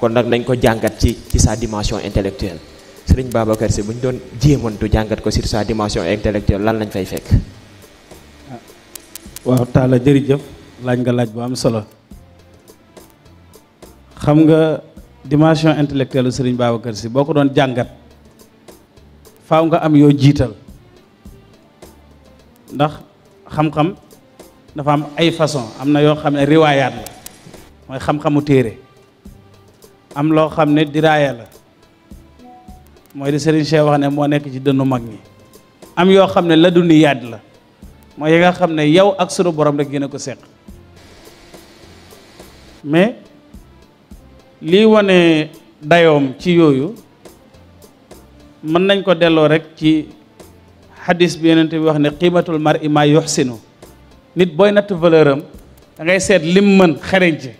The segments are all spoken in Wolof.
kon nag nañ ko jàngat ci ci sa dimension intellectuelle sëriñ Babacar Sy bu ñu doon jéemantu jàngat ko si sa dimension intellectuelle lan lañ fay fekk. Ah, waaw Talla jërëjëf laaj nga laaj bu am solo xam nga dimension intellectuelle sëriñ Babacar Sy boo ko doon jàngat faaw nga am yoo jiital ndax xam-xam dafa am ay façon am na yoo xam ne riwaayaat la mooy xam-xamu téere am loo xam ne diraaya la mooy di Serigne Cheikh wax ne moo nekk ci dënnu mag ñi am yoo xam ne la du ni yaat la mooy yi nga xam ne yow ak sunu boroom rek gën a ko seq mais lii wane dayoom ci yooyu mën nañ ko delloo rek ci xadis bi yonent bi wax ne qiimatul mar'i maa yuxsinu nit booy natt valeur am da seet lim mën xereñ ci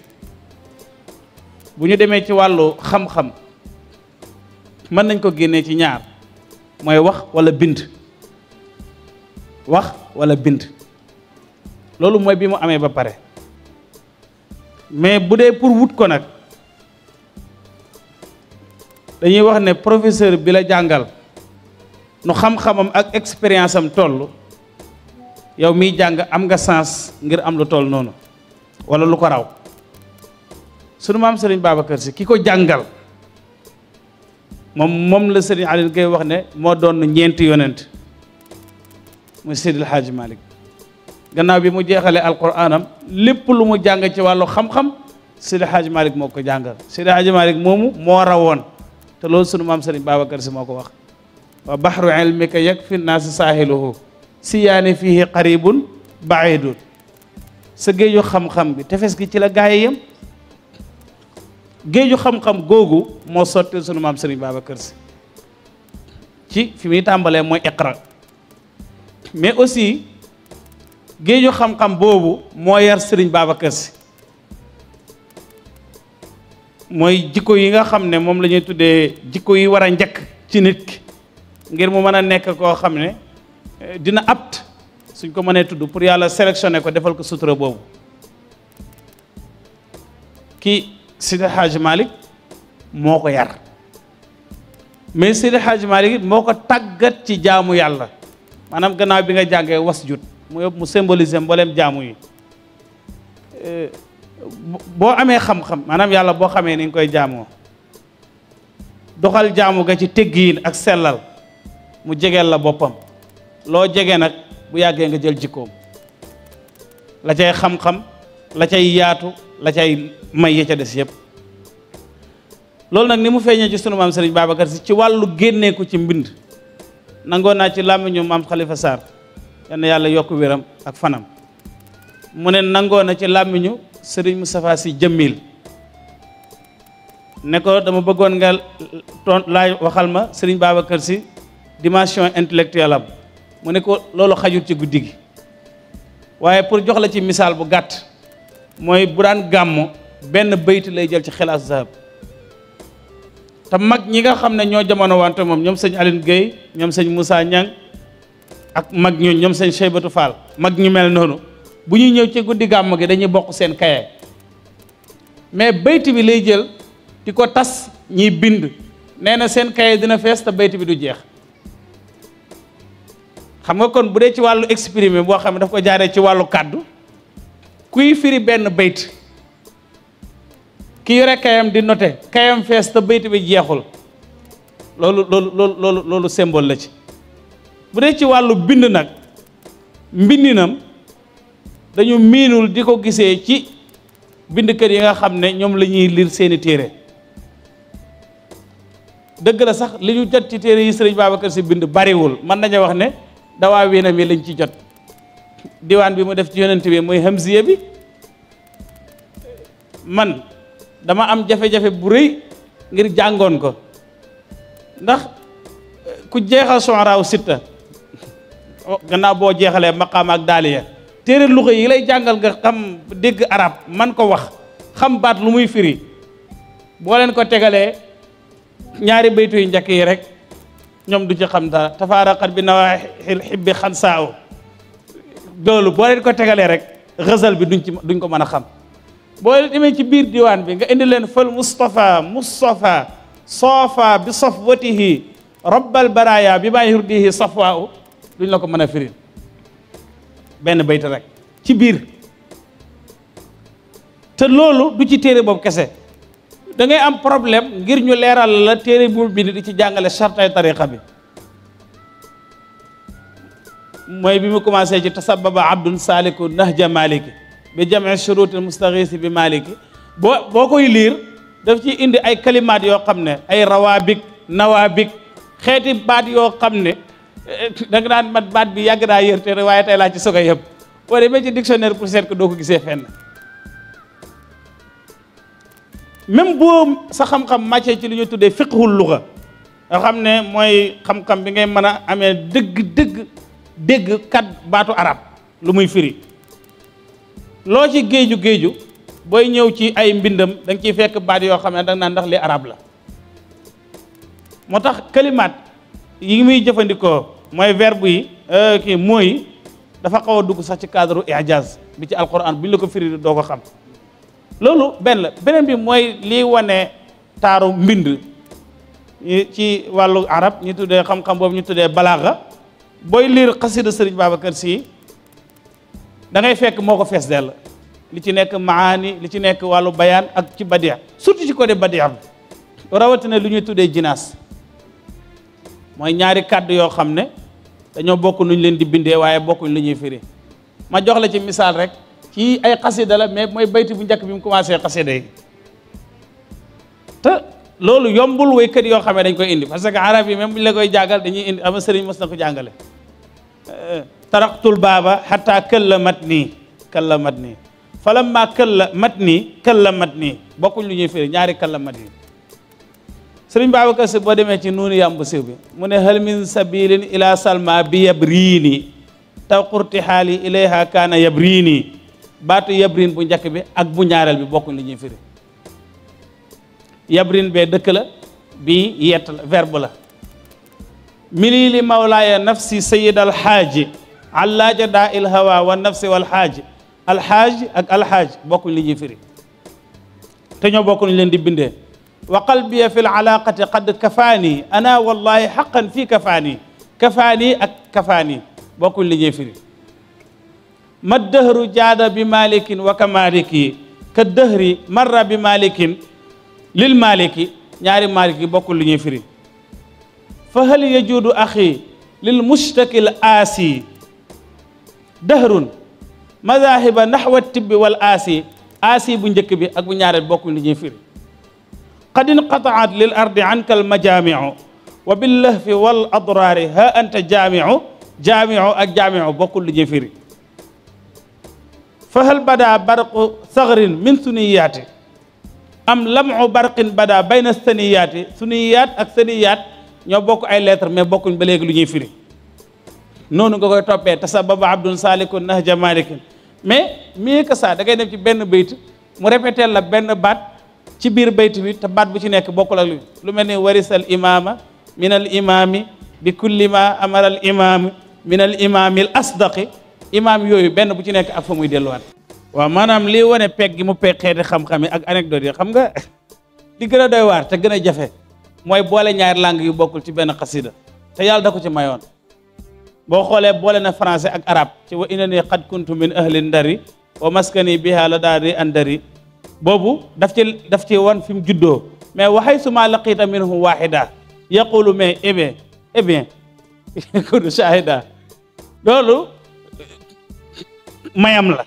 bu ñu demee ci wàllu xam-xam mën nañ ko génnee ci ñaar mooy wax walla bind wax walla bind loolu mooy bi mu amee ba pare mais bu dee pour wut ko nag dañuy wax ne professeur bi la jàngal nu xam-xamam ak expérience am tollu yow miy jàng am nga sens ngir am lu toll noonu walla lu ko raw sunu maam Serigne Babacar ki ko jàngal moom moom la Serigne Alioune wax ne moo doon ñeenti yonent muy Seydil Hadji Malick gannaaw bi mu jeexalee alquranam lépp lu mu jàng ci wàllu xam-xam Seydil Hadji Malick moo ko jàngal Seydil Hadji Malick moomu moo rawoon te loolu sunu maam Serigne Babacar si moo ko wax wa bahru ilmika yakfi si saahiluhu siyaani fihi qaribun baidun sa géeju xam-xam bi tefes gi ci la gaay yam géeju xam-xam googu moo sotti sunu maam Serigne Babacar Sy ci fi muy tàmbalee mooy iqra mais aussi géeju xam-xam boobu moo yar Serigne Babacar Sy mooy jikko yi nga xam ne moom lañuy tuddee jikko yi war a njëkk ci nit ngir mu mën a nekk koo xam ne eh, dina apt suñ ko mënee tudd pour yàlla sélectionné ko defal ko sutura boobu ki Seydi Hadj Malick moo ko yar mais Seydi Hadj Malick moo ko tàggat ci jaamu yàlla maanaam gannaaw bi nga jàngee wasjud mu yëpp mu symbolise mbooleem jaamu yi eh, boo amee xam-xam maanaam yàlla boo xamee ni koy jaamoo doxal jaamu ga ci teggiin ak sellal mu jegeel la boppam loo jege nag bu yàggee nga jël jikkoom la cay xam-xam la cay yaatu la cay may ya ca dess nya lol nak ni mu feñe ci sunu mam Serigne babakar ci ci genné ko ci mbind nangoo naa ci làmmiñu mam Khalifa sar yalla na yok wiram ak fanam Neko ne na ci làmmiñu Serigne Moustapha si jëmmil ne ko dama bëggon nga waxal ma Serigne babakar si dimension intellectuelle ko lolu xajut ci guddigi waye pour jox la ci misal bu gatt mooy bu daan gàmmu benn bayti lay jël ci xilaas zahab te mag ñi nga xam ne ñoo jamono wante moom ñoom sëñ Aline Gueye ñoom sëñ Moussa Niang ak mag ñooñ ñoom sëñ Cheybatu Fall mag ñu mel noonu bu ñuy ñëw ci guddi gàmm gi dañuy bokk seen kaye mais bayti bi lay jël di ko tas ñiy bind nee na seen kaye dina fees te bayti bi du jeex xam nga kon bu dee ci wàllu exprimer boo xam ne daf ko jaaree ci wàllu kàddu kuy firi benn bayt ki yore kayam di note kayam fees te bayt bi jeexul loolu loolu loolu la ci bu dee ci wàllu bind nag mbindinam dañu miinul di ko gisee ci bind kër yi nga xam ne ñoom la ñuy lire seeni téere dëgg la sax li ñu jot ci téere yi sëriñ kër si bind bariwul mën nañu wax ne dawaa wiinam yi lañ ci jot diwaan bi mu def ci yonent bi mooy hamziya bi man dama am jafe-jafe bu rëy ngir jàngoon ko ndax ku jeexal sonraaw sitta gannaaw boo jeexalee maqaam ak daaliya téere luxa yi lay jàngal nga xam dégg arab man ko wax xam baat lu muy firi boo leen ko tegalee ñaari baytu yu njëkk yi rek ñoom du ci xam dara tafaaraqat bi nawaaxil xibbi xansaaw doolu boo leen ko tegalee rek xësal bi duñ ci duñ ko mën a xam boo leen demee ci biir diwaan bi nga indi leen fal Mustafa Mustafa soofa bi safwatihi rabbal baraya bi maa yurdihi safwaa duñ la ko mën a firil benn bayta rek ci biir te loolu du ci téere boobu kese da am problème ngir ñu leeral la téere bu bind di ci jàngale chartay tariqa bi mooy bi mu commencé ci tasababa abdun saliku nahja maliki bi jamee shuruti mustaghisi bi maliki boo boo koy liir daf ci indi ay kalimaat yoo xam ne ay rawaabik nawaabik xeeti baat yoo xam ne eh, da daan mat baat bi yàgg naa yër te waaye tey laa ci soog a yëpp boo demee ci dictionnaire pour seet ko doo ko gisee fenn même boo sa xam-xam màccee ci li ñu tuddee fiqhul luga nga xam ne mooy xam-xam bi ngay mën a amee dëgg-dëgg dégg kat baatu arab lu muy firi loo ci géeju géeju booy ñëw ci ay mbindam da nga ciy fekk baat yoo xam ne da nga ndax li arab la moo tax kalimaat yi muy jëfandikoo mooy verbe yi euh, kii mooy dafa xaw a dugg sax ci cadre ijaz bi ci alquran bu ñu la ko firi doo ko xam loolu benn beneen bi mooy liy wane taaru mbind ci wàllu arab ñu tuddee xam-xam boobu ñu tuddee balaaxa booy liir xasida sëriñ baaba kër si dangay fekk moo ko fees dell li ci nekk maani li ci nekk wàllu bayaan ak ci badia surtout ci côté badia bi rawatina lu ñuy tuddee jinaas mooy ñaari kàddu yoo xam ne dañoo bokk nuñ leen di bindee waaye bokkuñ lu ñuy firi ma jox la ci misaal rek ci ay xasida la mais mooy bayti bu njëkk bi mu commencé xasida yi lolou yombul way keur yo xamé dañ koy indi parce que arab yi même buñ la koy jàngal dañuy indi ama serigne mos ko jàngale taraqtul baba hatta kallamatni kallamatni falamma kallamatni kallamatni nii këlla bokkuñ lu ñuy firi ñaari kallamatni serigne nii sëriñ bo démé ci bi mune hal min sabilin ila salma bi yabrini riini taw qurti xaali ilayha kaana yab riini baatu bu ñak bi ak bu ñaaral bi bokkuñ lu ñuy firi yabrin bee dëkk la bii yett la verbe la mili li mawlaaya nafsi sayid alxaaji allaaja daa il hawa wa nafsi walxaaji alxaaji ak alxaaji bokkuñ li ñuy firi te ñoo bokkuñ leen di bindee wa qalbiya fi lalaaqati qad kafaani ana wallahi xaqan fii kafaani kafaani ak kafaani bokkuñ li ñuy firi ma dëhru jaada bi malikin wa ka maliki ka dëhri marra bi malikin للمالكي نياري مالكي بوكول لي نيفري فهل يجود اخي للمشتكي الاسي دهر مذاهب نحو التب والاسي اسي بو نديك بي اك بو نياري بوكول لي نيفري قد انقطعت للارض عنك المجامع وباللهف والاضرار ها انت جامع جامع اك جامع بوكول لي نيفري فهل بدا برق ثغر من ثنياتي am lamu barqin bada bayna na suniyat ak saniyat ño bokk ay lettre mais bokkuñ ba légui luñuy firi nonu nga koy topé tasabbab abdun salikun nahja malik mais mi ka sa da ngay dem ci benn beyt mu répéter la benn bat ci bir beyt bi te bat bu ci nek bokkul ak lu lu melni warisal imama min al imami bi kulli ma amara al imam min al imaami al asdaq imam yoyu benn bu ci nek ak fa muy delluwaat waaw maanaam lii wane peg gi mu peg xeeti xam-xam yi ak anecdote yi xam nga li gën a doy waar te gën a jafe mooy boole ñaar langue yu bokkul ci benn xasida te yàlla da ko ci mayoon boo xoolee boole na français ak arab ci wa inna nii xad kuntu min ahli ndari wa maskani biha la daa di boobu daf ci daf ci wan fi mu juddoo mais waxay suma laqita minhum wahida yaqulu mais eh bien eh bien kunu shahida loolu mayam la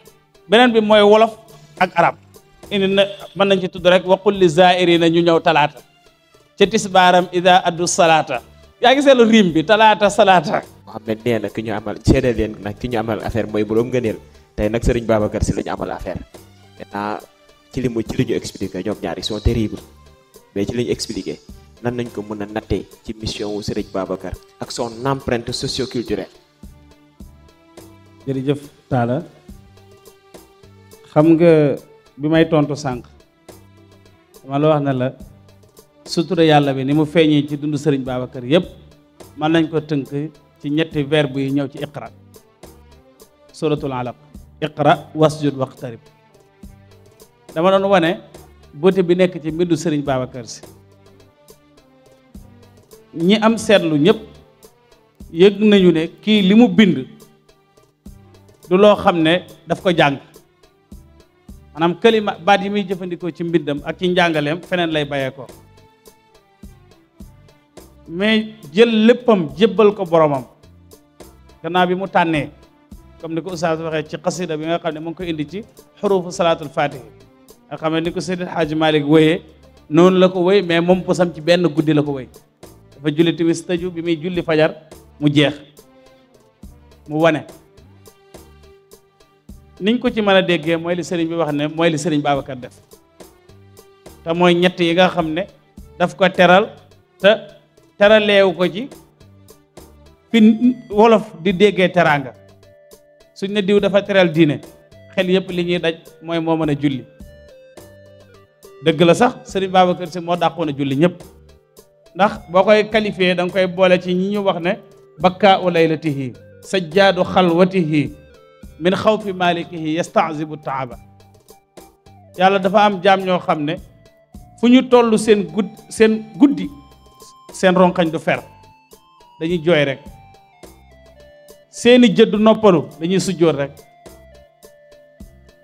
beneen bi mooy wolof ak arab indi na mën nañ ci tudd rek wa waqul li na ñu ñëw talaata ca tisbaaram ida addu salaata yaa ngi seetlu rim bi talaata salaata Mohamed nee na ki ñu amal seedeel leen na ki ñu amal affaire mooy boroom ngëneel tey nag Serigne Babacar si la ñu amal affaire maintenant ci li ci li ñu expliqué ñoom ñaari sont terribles mais ci li ñu expliqué nan nañ ko mën a nattee ci mission wu Serigne Babacar ak son empreinte socioculturelle jërëjëf Talla xam nga bi may tontu sànq dama la wax na la sutura yàlla bi ni mu feeñee ci dundu sëriñ Babacar yépp mën nañ ko tënk ci ñetti verbe yi ñëw ci iqra suratul alaq iqra wasjud waqtarib dama doon wane beauté bi nekk ci mbindu sëriñ Babacar si ñi am seetlu ñëpp yëg nañu ne kii li mu bind du loo xam ne daf ko jàng maanaam kalima baat yi muy jëfandikoo ci mbindam ak ci njàngaleem feneen lay bayee ko jël léppam jébbal ko boromam gannaaw bi mu tànnee comme ni ko oustaz waxee ci xasida bi nga xam ne mu ngi ko indi ci xurufu salaatul fatihi a xam ne ni ko Seydil Hadji Malick wéyee noonu la ko wéy mais moom posam ci benn guddi la ko wéy dafa julli timis tëju bi muy julli fajar mu jeex mu wane niñ ko ci mën a dégge mooy li sëriñ bi wax ne mooy li sëriñ Babacar def te mooy ñett yi nga xam ne daf ko teral te teraleewu ko ci fi wolof di déggee teraanga suñ ne diw dafa teral diine xel yëpp li ñuy daj mooy moo mën a julli dëgg la sax sëriñ Babacar si moo dàqoon a julli ñëpp ndax boo koy qualifié danga koy boole ci ñi ñu wax ne bakkaa u laylatihi sajjaadu xalwatihi xaw min xawfi malikihi yastazibu taaba yàlla dafa am jaam ñoo xam ne fu ñu toll seen seen guddi seen ronkañ du fer dañuy jooy rek seeni jët du noppalu dañuy sujjóot rek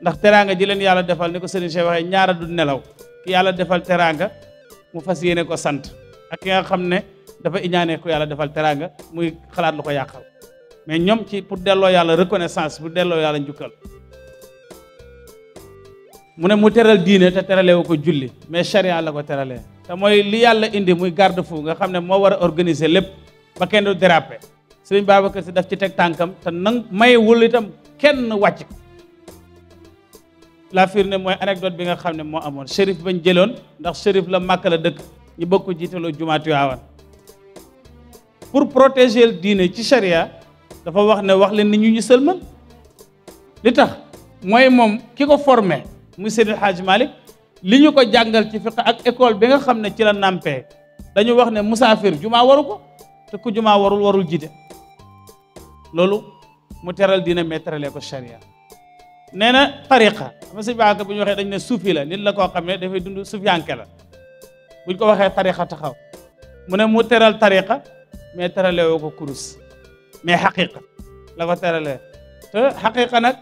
ndax teraanga ji leen yàlla defal ne ko sëriñ Cheikh waxee ñaara du nelaw ki yàlla defal teraanga mu fas yéene ko sant ak ki xam ne dafa iñaanee ko yàlla defal teraanga muy xalaat lu ko yàqal mais ñoom ci pour delloo yàlla reconnaissance pour delloo yàlla njukkal mu ne mu teral diine te teralewu ko julli mais charia la ko terale te mooy li yàlla indi muy garde fou nga xam ne moo war a organiser lépp ba kenn du déraper sëriñ Babacar si daf ci teg tànkam te nang may wul itam kenn wàcc ko la firnde mooy anecdote bi nga xam ne moo amoon shérif bañ jëloon ndax shérif la màkk la dëkk ñu bokk jiitaloo jumaatu Tiwaawan pour protéger diine dafa wax ne wax leen ni ñu ñu sëlmal li tax mooy moom ki ko formé muy Seydil Hadj Malick li ñu ko jàngal ci fiq ak école bi nga xam ne ci la nampee dañu wax ne musaafir jumaa waru ko te ku jumaa warul warul jiite loolu mu teral dina mais terale ko charia nee na tariqa ama sëñ baaka bu ñu waxee dañ ne suufi la nit la koo xam ne dafay dund suufiyanke la buñ ko waxee tariqa taxaw mu ne mu teral tariqa mais teralewo ko kurus mais xaqiqa la ko teralee te xaqiqa nag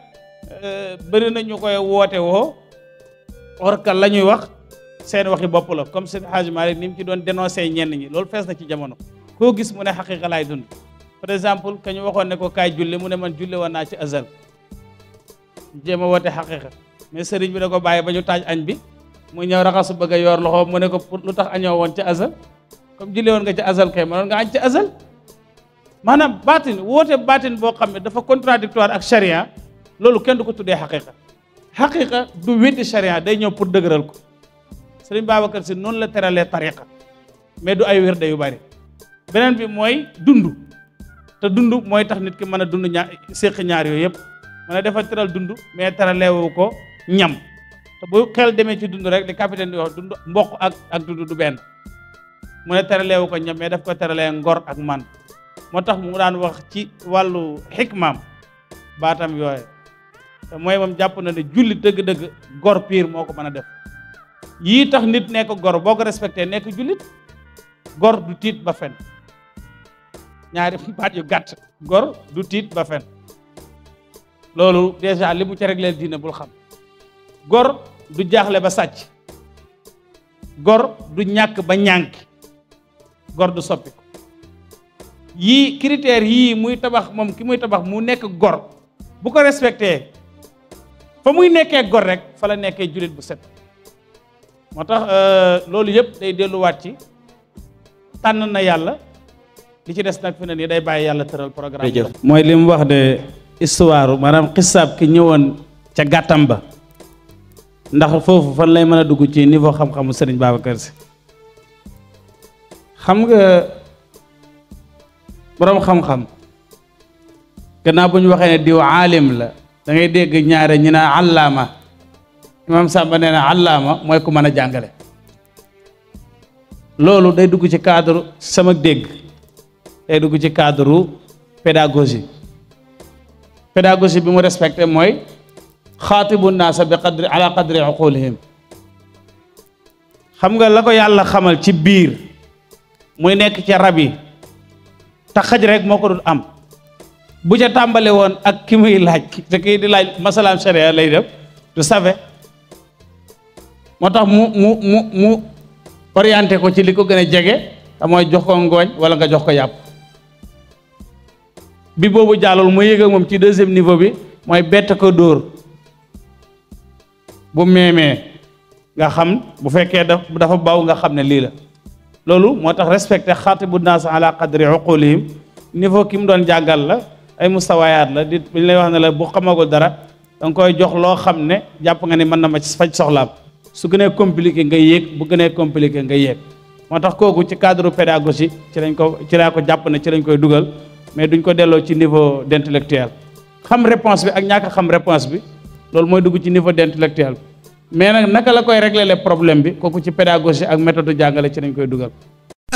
euh, bëri na ñu koy woote woo or que la ñuy wax seen waxi bopp la comme seen Hadj Malick ni mu ci doon dénoncé ñenn ñi loolu fees na ci jamono koo gis mu ne xaqiqa laay dund par exemple ka ñu waxoon ne ko kaay julli mu ne man julli woon naa ci azal jéem a woote xaqiqa mais sëriñ bi da ko bàyyi ba ñu taaj añ bi mu ñëw raxasu bëgg a yor loxo mu ne ko pour lu tax añoo woon ci azal comme julli woon nga ci azal ma mënoon nga añ ci azal maanaam baatin woote baatin boo xam ne dafa contradictoire ak charia loolu kenn du ko tuddee xaqiqa xaqiqa du weddi charia day ñëw pour dëgëral ko sëriñ Babacar si noonu la teralee tariqa mais du ay wérde yu bari beneen bi mooy dund te dund mooy tax nit ki mën a dund ñaar séq ñaar yooyu yëpp dafa teral dund mais teraleewu ko ñam te bu xel demee ci dund rek li capitaine di dund mboq ak ak dund du benn mu ne teraleewu ko ñam mais ko teralee ngor ak man moo tax mu daan wax ci wàllu xikmaam baatam yooye te mooy moom jàpp na ne julli dëgg-dëgg gor piir moo ko mën a def yii tax nit nekk gor boo ko respecté nekk jullit gor du tiit ba fen ñaari baat yu gàtt gor du tiit ba fen loolu déjà li mu ci réglé diine bul xam gor du jaaxle ba sàcc gor du ñàkk ba ñànk gor du soppi yii critères yii muy tabax moom ki muy tabax mu nekk gor bu ko respecté fa muy nekkee gor rek fa la nekkee jullit bu set moo tax euh, loolu yëpp day delluwaat ci tànn na yàlla li ci des nag fi ne nii day bàyyi yàlla tëral programme mooy li mu wax de histoire maanaam xisaab ki ñëwoon ca gàttam ba ndax foofu fan lay mën a dugg ci niveau xam-xamu Serigne Babacar Sy xam boroom xam-xam gannaaw bu ñu waxee ne diw aalim la dangay dégg ñaare ñu naa allaama imaam Sàmba nee na àllaama mooy ku mën a jàngale loolu day dugg ci cadre sama dégg day dugg ci cadre pédagogie pédagogie bi mu respecté mooy xaatibu naasa bi qadri ala qadri uqulihim xam nga la ko yàlla xamal ci biir muy nekk ci rab yi te xaj rek moo ko dul am bu ca tàmbale woon ak ki muy laaj te kii di laaj masalaam sharia lay def du save moo tax mu mu mu mu orienté ko ci li ko gën a jege te mooy jox ko ngooñ wala nga jox ko yàpp bi boobu jàllul mu yëg moom ci deusième niveau bi mooy bett ko dóor bu meemee nga xam bu fekkee dafa baw nga xam ne lii la loolu moo tax respecté xaatibu naas ala qadri uqulihim niveau ki mu doon jàngal la ay mustawaayaat la di li lay wax ne la bu xamagul dara danga koy jox loo xam ne jàpp nga ni mën na ma ci faj soxlaam su gënee compliqué nga yéeg bu gënee compliqué nga yéeg moo tax kooku ci cadre pédagogie ci lañ ko ci ko jàpp na ci lañ koy dugal mais duñ ko delloo ci niveau d' intellectuel xam réponse bi ak ñàkk xam réponse bi loolu mooy dugg ci niveau d' intellectuel bi mais nag naka la koy régler problème bi kooku ci pédagogie ak méthode jàngale ci lañ koy dugal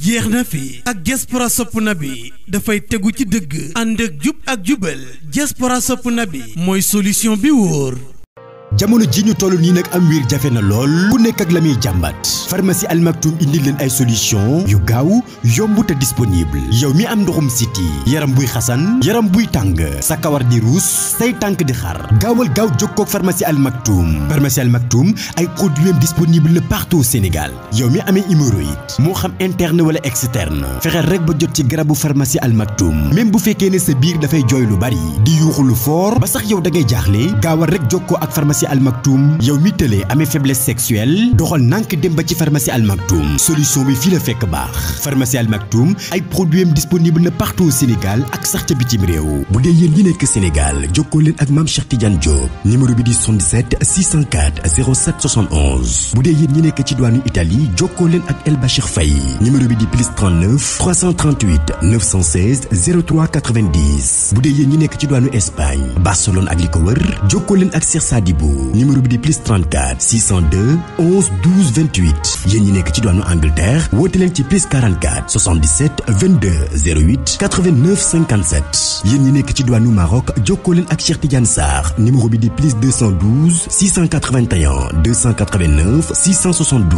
jeex na fi ak diaspora sopp na bi dafay tegu ci dëgg ànd ak jub ak jubal diaspora sopp na bi mooy solution bi wóor jamono jii ñu toll nii nag am wiir jafe na lool ku nekk ak la muy jàmbat pharmacie Al Maktoum indi leen ay solution yu gaaw yomb te disponible yow mi am ndoxum siti yaram buy xasan yaram buy tàng sa kawar di ruus say tànk di xar gaawal gaaw jokkoo ak pharmacie Al Maktoum pharmacie Al Maktoum ay produits disponible na partout au Sénégal yow mi amee hémorroïde moo xam interne wala externe fexeel rek ba jot ci garabu pharmacie Al Maktoum même bu fekkee ne sa biir dafay jooy lu bari di yuuxu lu fort ba sax yow da ngay jaaxle gaawal rek jokkoo ak pharmacie Al Maktoum yow mi télé amé faiblesse sexuelle doxal Nank dem ba ci pharmacie Al Maktoum solution bi fi la fekk bax pharmacie Al Maktoum ay produits disponible na partout au Sénégal ak sax ca bitim réew bu dee yéen ñi nek Sénégal joko leen ak Mam Cheikh Tidiane Diop numéro bi di 77 604 07 71 bu dee yéen ñi nek ci douane Italie joko leen ak El Bachir Faye numéro bi di plus 39 338 916 03 90 bu ñi nek ci douane Espagne Barcelone ak li ko wër jokkoo leen ak Cheikh Sadibou numéro de plus 34 602 11 12 28 yéen ñi nekk ci Angleterre wote leen ci plus 44 77 22 08 89 57 yéen ñi nekk ci Maroc joko leen ak Cheikh Tidiane Sarr numéro de plus 212 681 289 672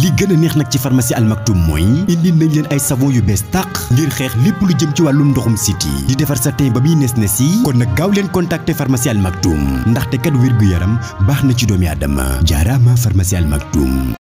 li gëna neex nak ci pharmacie Al Maktoum moy indi nañ leen ay savon yu bes tak ngir xex à lu jëm ci walum ndoxum city di défar sa teen ba muy nes nes kon nak gaw leen contacter pharmacie Al Maktoum ndaxte kat yaram baax na ci doomi aadama jaaraama pharmacie Al